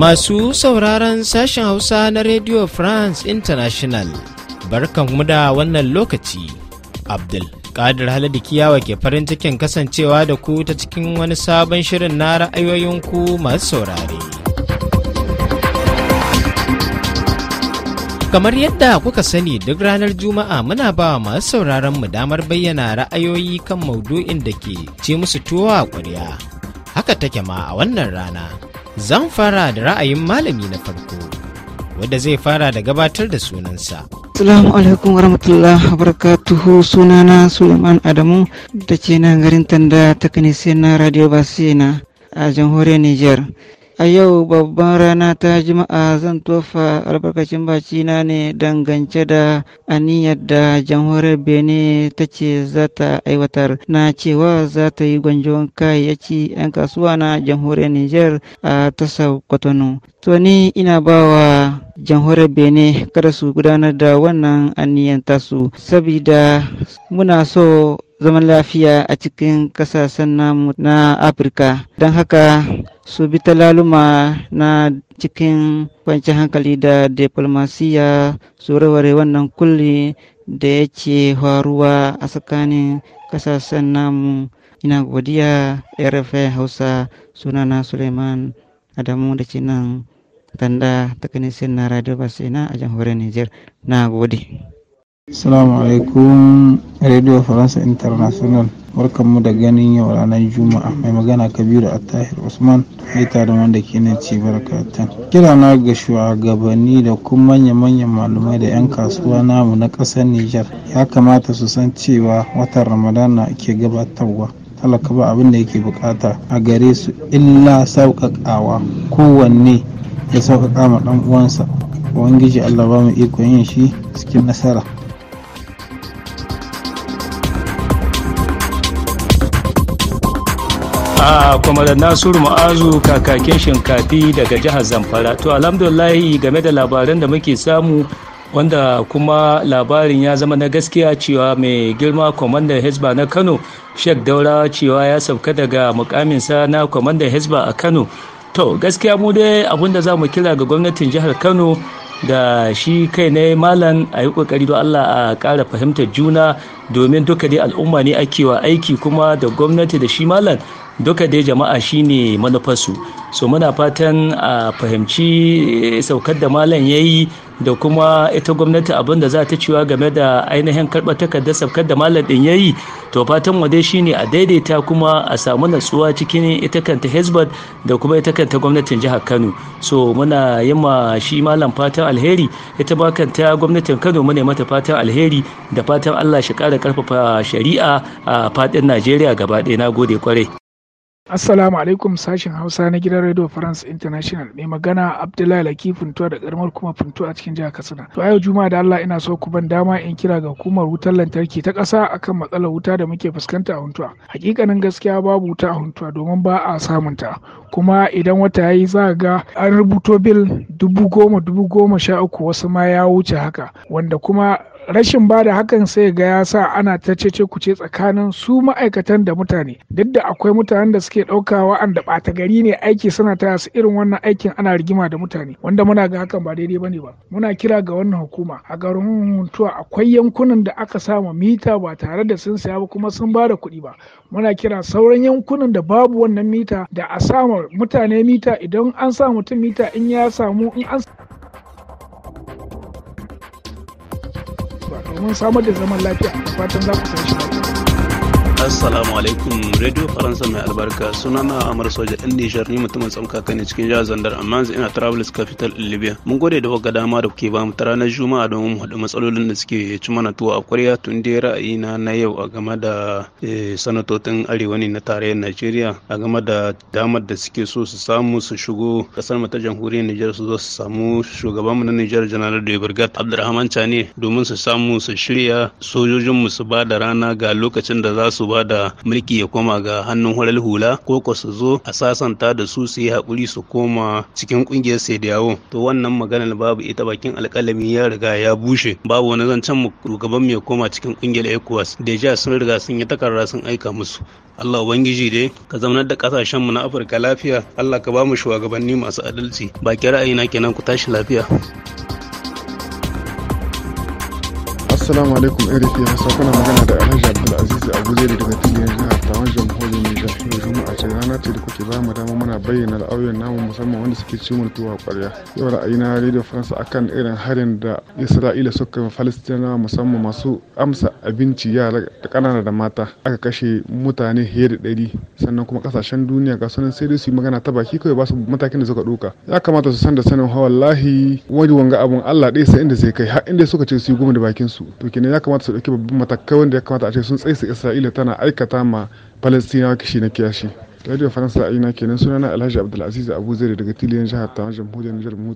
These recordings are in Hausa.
Masu sauraron sashen Hausa na Radio France International, barkanmu da wannan lokaci, Abdul. Kadir Haladu Kiyawa ke farin cikin kasancewa da ku ta cikin wani sabon shirin na ra'ayoyinku masu saurare. Kamar yadda kuka sani duk ranar Juma'a muna ba masu sauraron mu damar bayyana ra'ayoyi kan maudu'in da ke ce musu tuwa ƙwarya. Haka take ma a wannan rana. Zan fara da ra'ayin malami na farko, wadda zai fara da gabatar da sunansa. Assalamu alaikum warahmatullahi wabarakatuhu sunana Suleiman Adamu da ke nan garin Tanda ta na Radio Basina a jamhuriyar Nijar. A yau babban rana ta Juma'a zan tofa albarkacin na ne dangance da aniyar da jamhuriyar Benin ta ce za ta aiwatar na cewa za ta yi gwanjon kayayyaki 'yan kasuwa na jamhuriyar Nijar a tasa Kwatano. To ni ina ba wa jamhuriyar Benin kada su gudanar da wannan aniyar tasu, sabida muna so zaman lafiya a cikin kasashen namu na afirka don haka su bi talaluma na cikin kwanci hankali da diplomasiya su wannan kulli da yake faruwa a tsakanin kasashen namu ina godiya rfa hausa sunana suleiman adamu da ke nan tanda ta na radio basina a jamhuriyar niger na gode salamu alaikum Radio Faransa International. mu da ganin yau ranar Juma'a mai magana Kabiru a Tahir Usman haita da wanda ke nan ci barakatan. Kira na ga shugabanni da kuma manya-manyan malumai da 'yan kasuwa namu na ƙasar Nijar ya kamata su san cewa watan Ramadana ke gabatarwa. Talaka ba abin da yake bukata a gare su illa sauƙaƙawa kowanne ya sauƙaƙa ma ɗan uwansa. Ubangiji Allah ba mu ikon yin shi cikin nasara. a kwamar nasiru ma'azu kakakin shinkafi daga jihar zamfara to alhamdulillahi game da labaran da muke samu wanda kuma labarin ya zama na gaskiya cewa mai girma kwamandan hezba na kano shek daura cewa ya sauka daga mukaminsa na kwamandan hezba a kano to gaskiya mu dai abinda za mu kira ga gwamnatin jihar kano da shi kai ne malam a yi kokari don allah a kara fahimtar juna domin duka dai al'umma ne ake wa aiki kuma da gwamnati da shi malam duka dai jama'a shine manufarsu so muna fatan a fahimci eh, saukar da malam ya yi da kuma ita gwamnati abin da za ta ciwa game da ainihin karɓar takardar saukar da malam ɗin ya yi to fatan mu dai shine a daidaita kuma a samu natsuwa cikin ita kanta hezbollah da kuma ita kanta gwamnatin jihar kano so muna yi ma shi malam fatan alheri ita ma kanta gwamnatin kano mu ne mata fatan alheri da fatan allah shi ƙara ƙarfafa shari'a a faɗin najeriya gaba ɗaya na gode kwarai Assalamu alaikum sashen Hausa na gidan Radio France International mai magana Abdullahi Laki Funtuwa da karamar kuma Funtuwa a cikin jihar Katsina. To yau Juma'a da Allah ina so ku ban dama in kira ga hukumar wutar lantarki ta ƙasa akan matsalar wuta da muke fuskanta a Huntuwa. Hakikanin gaskiya babu wuta a Huntuwa domin ba a samun ta. Kuma idan wata yayi za a ga an rubuto bil dubu goma dubu goma sha uku wasu ma ya wuce haka wanda kuma rashin ba da hakan sai ga ya sa ana ta cece kuce tsakanin su ma'aikatan da mutane duk da akwai mutanen da suke ɗauka wa'anda ɓata gari ne aiki suna taya su irin wannan aikin ana rigima da mutane wanda muna ga hakan ba daidai bane ba muna kira ga wannan hukuma a garin huntuwa akwai yankunan da aka samu mita ba tare da sun saya ba kuma sun ba da kuɗi ba muna kira sauran yankunan da babu wannan mita da a sama mutane mita idan an sa mutum mita in ya samu in an mun samar da zaman lafiya fatan za ku san shi Assalamu alaikum Radio Faransa mai albarka suna Amar Soja ɗan Nijar ni mutumin tsamkaka ne cikin jihar Zandar amma yanzu ina Travelers Capital in Libya. Mun gode da wagga dama da kuke bamu ta ranar Juma'a domin mu haɗu matsalolin da suke ci mana tuwo a kwarya tun dai ra'ayina na yau a game da eh, sanatotin arewa ne na tarayyar Najeriya a game da damar da suke so su samu su shigo kasar mu ta jamhuriyar Nijar su zo su samu shugaban mu na Nijar Janar da Birgat Abdulrahman Chane domin su samu su shirya sojojin mu su ba da rana ga lokacin da za su ba ba da mulki ya koma ga hannun hular hula ko ko su zo a sasanta da su su yi haƙuri su koma cikin ƙungiyar sai da yawo to wannan maganar babu ita bakin alƙalami ya riga ya bushe babu wani zancen mu shugaban mai koma cikin ƙungiyar ecowas ja sun riga sun yi takarar sun aika musu Allah Ubangiji dai ka zaunar da kasashen mu na Afirka lafiya Allah ka ba mu shugabanni masu adalci baki na kenan ku tashi lafiya. Assalamu alaikum fiye Hausa kuna magana da Alhaji Abdulaziz Abuja daga Tiliyar jihar Tawan mai Nijar. da Juma'a ce rana ce da kuke ba mu dama muna bayyana ra'ayoyin namu musamman wanda suke ci mun tuwa ƙwarya. Yau na Radio France akan irin harin da Isra'ila suka yi Falistinawa musamman masu amsa abinci yara da ƙanana da mata aka kashe mutane fiye da ɗari sannan kuma kasashen duniya ga sunan sai dai su yi magana ta baki kawai ba su matakin da suka ɗauka. Ya kamata su san da sanin hawallahi wani wanga abun Allah ɗaya sai inda zai kai har inda suka ce su yi goma da bakin su. to kenan ya kamata su dauki babban matakai wanda ya kamata a ce sun tsaye isra'ila tana aikata ma palestina kishi na kiyashi radio faransa a ina kenan sunana alhaji abdulaziz abu zai daga tiliyan jihar ta jamhuriyar nijar mu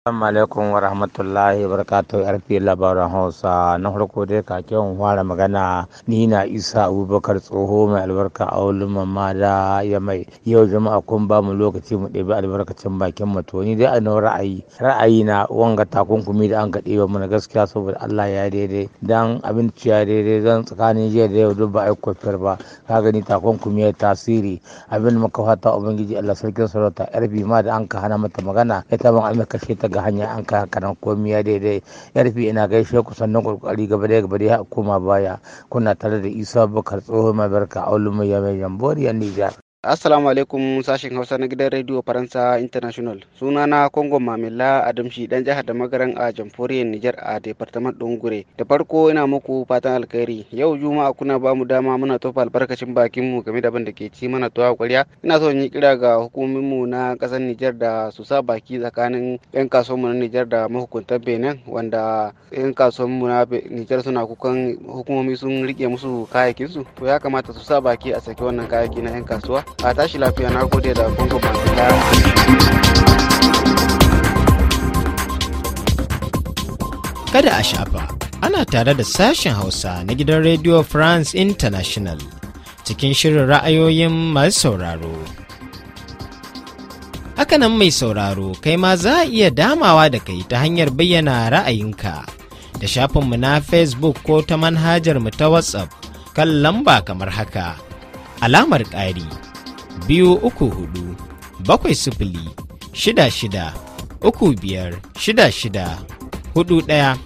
Assalamu alaikum wa rahmatullahi wa yarfi labaran Hausa na farko dai kakin fara magana ni na Isa Abubakar tsoho mai albarka a wulin mamma da ya mai yau jama'a kun ba mu lokaci mu ɗebi albarkacin bakin mu to ni dai a nan ra'ayi ra'ayi na wanga takunkumi da an ka ɗeba mana gaskiya saboda Allah ya daidai dan abinci ya daidai zan tsakanin jiya da yau duk ba a kofar ba ka gani takunkumi ya tasiri abin muka fata ubangiji Allah sarkin sarauta yarfi ma da an ka hana mata magana ita ban almakashi ta ga hanya an ka karan komi ya daidai ya rufe ina gaishe ku sannan kokari gaba da gaba da koma baya kuna tare da isa bakar tsohon mabarka ya mai yamai jamboriya nijar Assalamu alaikum sashen Hausa na gidan Radio Faransa International. Sunana Kongo Mamila Adamshi dan jihar da magaran a jamhuriyar Nijar a Departement Dungure. Da farko ina muku fatan alkhairi. Yau Juma'a kuna ba mu dama muna tofa albarkacin bakin mu game da abin da ke ci mana tuwa kwarya. Ina so yi kira ga hukumomin mu na kasar Nijar da su sa baki tsakanin yan kasuwar mu na Nijar da mahukuntan Benin wanda yan kasuwar mu na Nijar suna kukan hukumomi sun rike musu kayakin su. To ya kamata su sa baki a saki wannan kayaki na yan kasuwa. a tashi lafiya na gode da masu kada a shafa ana tare da sashen hausa na gidan radio france international cikin shirin ra'ayoyin masu sauraro hakanan mai sauraro kai ma za a iya damawa da kai ta hanyar bayyana ra'ayinka da shafinmu na facebook ko ta manhajar mu ta whatsapp kan lamba kamar haka alamar ƙari biyu uku hudu bakwai sifili shida shida uku biyar shida shida hudu ɗaya.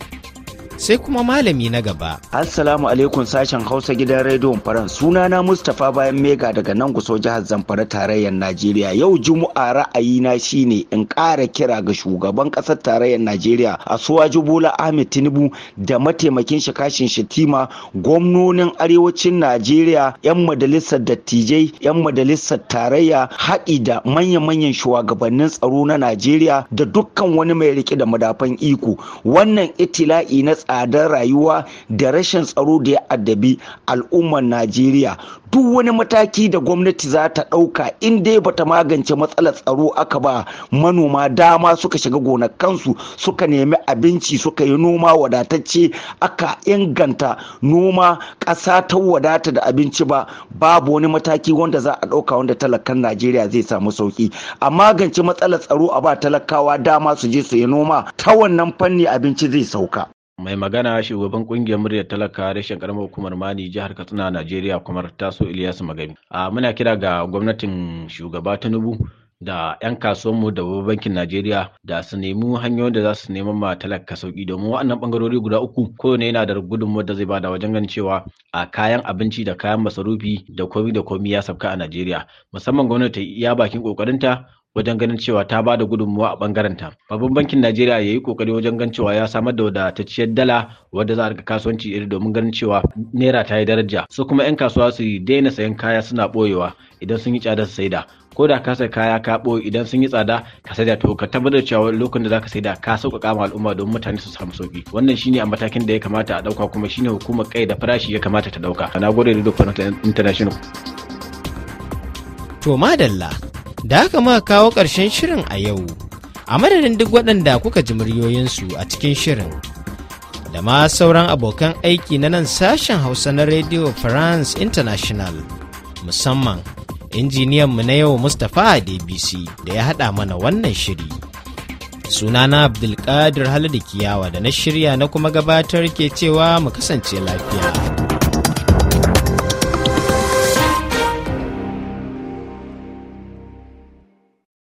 sai kuma malami na gaba. Assalamu alaikum sashen Hausa gidan rediyon Faran na Mustapha bayan Mega daga nan guso jihar Zamfara tarayyar Najeriya yau Juma'a na shine in ƙara kira ga shugaban ƙasar tarayyar Najeriya a Asuwaju Bola Ahmed Tinubu da mataimakin shi kashin Shatima gwamnonin arewacin Najeriya 'yan majalisar dattijai 'yan majalisar tarayya haɗi da manya-manyan shugabannin tsaro na Najeriya da dukkan wani mai riƙe da madafan iko wannan itila'i na tsadar rayuwa da rashin tsaro da ya addabi al'ummar najeriya duk wani mataki da gwamnati za ta ɗauka in dai bata magance matsalar tsaro aka ba manoma dama suka shiga gonakansu suka nemi abinci suka yi noma wadatacce aka inganta noma ƙasa ta wadata da abinci ba babu wani mataki wanda za a ɗauka wanda talakan najeriya zai samu sauki a magance matsalar tsaro a ba talakawa dama su je su yi noma ta wannan fanni abinci zai sauka Mai magana shugaban kungiyar muryar talaka reshen karamar hukumar Mani jihar Katsina Najeriya kwamar Taso Ilyasu magani. A muna kira ga gwamnatin shugaba Tinubu da 'yan kasuwanmu da bankin Najeriya da su nemi hanyoyin da za su nema ma talaka sauki domin waɗannan bangarori guda uku kowane yana da gudunmu da zai bada wajen ganin cewa a kayan abinci da kayan masarufi da komi da komi ya sabka a Najeriya musamman gwamnati ya bakin kokarinta wajen ganin cewa ta ba da gudunmuwa a bangaren babban bankin najeriya ya yi kokari wajen gan cewa ya samar da wadatacciyar dala wadda za a riga kasuwanci iri domin ganin cewa naira ta yi daraja su kuma 'yan kasuwa su yi daina sayan kaya suna boyewa idan sun yi tsada su saida ko da ka sai kaya ka boye idan sun yi tsada ka saida to ka tabbatar cewa lokacin da za ka saida ka sauƙaƙa ma al'umma domin mutane su samu sauƙi wannan shine a matakin da ya kamata a ɗauka kuma shine hukumar kai da farashi ya kamata ta ɗauka na gode da duk international to madalla da haka ma kawo ƙarshen shirin a yau a madadin duk waɗanda kuka ji muryoyinsu a cikin shirin da ma sauran abokan aiki na nan sashen hausa na radio france international musamman injiniyan mu na yau mustapha dbc da ya haɗa mana wannan shiri sunana abdulkadir halidu kiyawa da na shirya na kuma gabatar ke cewa mu kasance lafiya.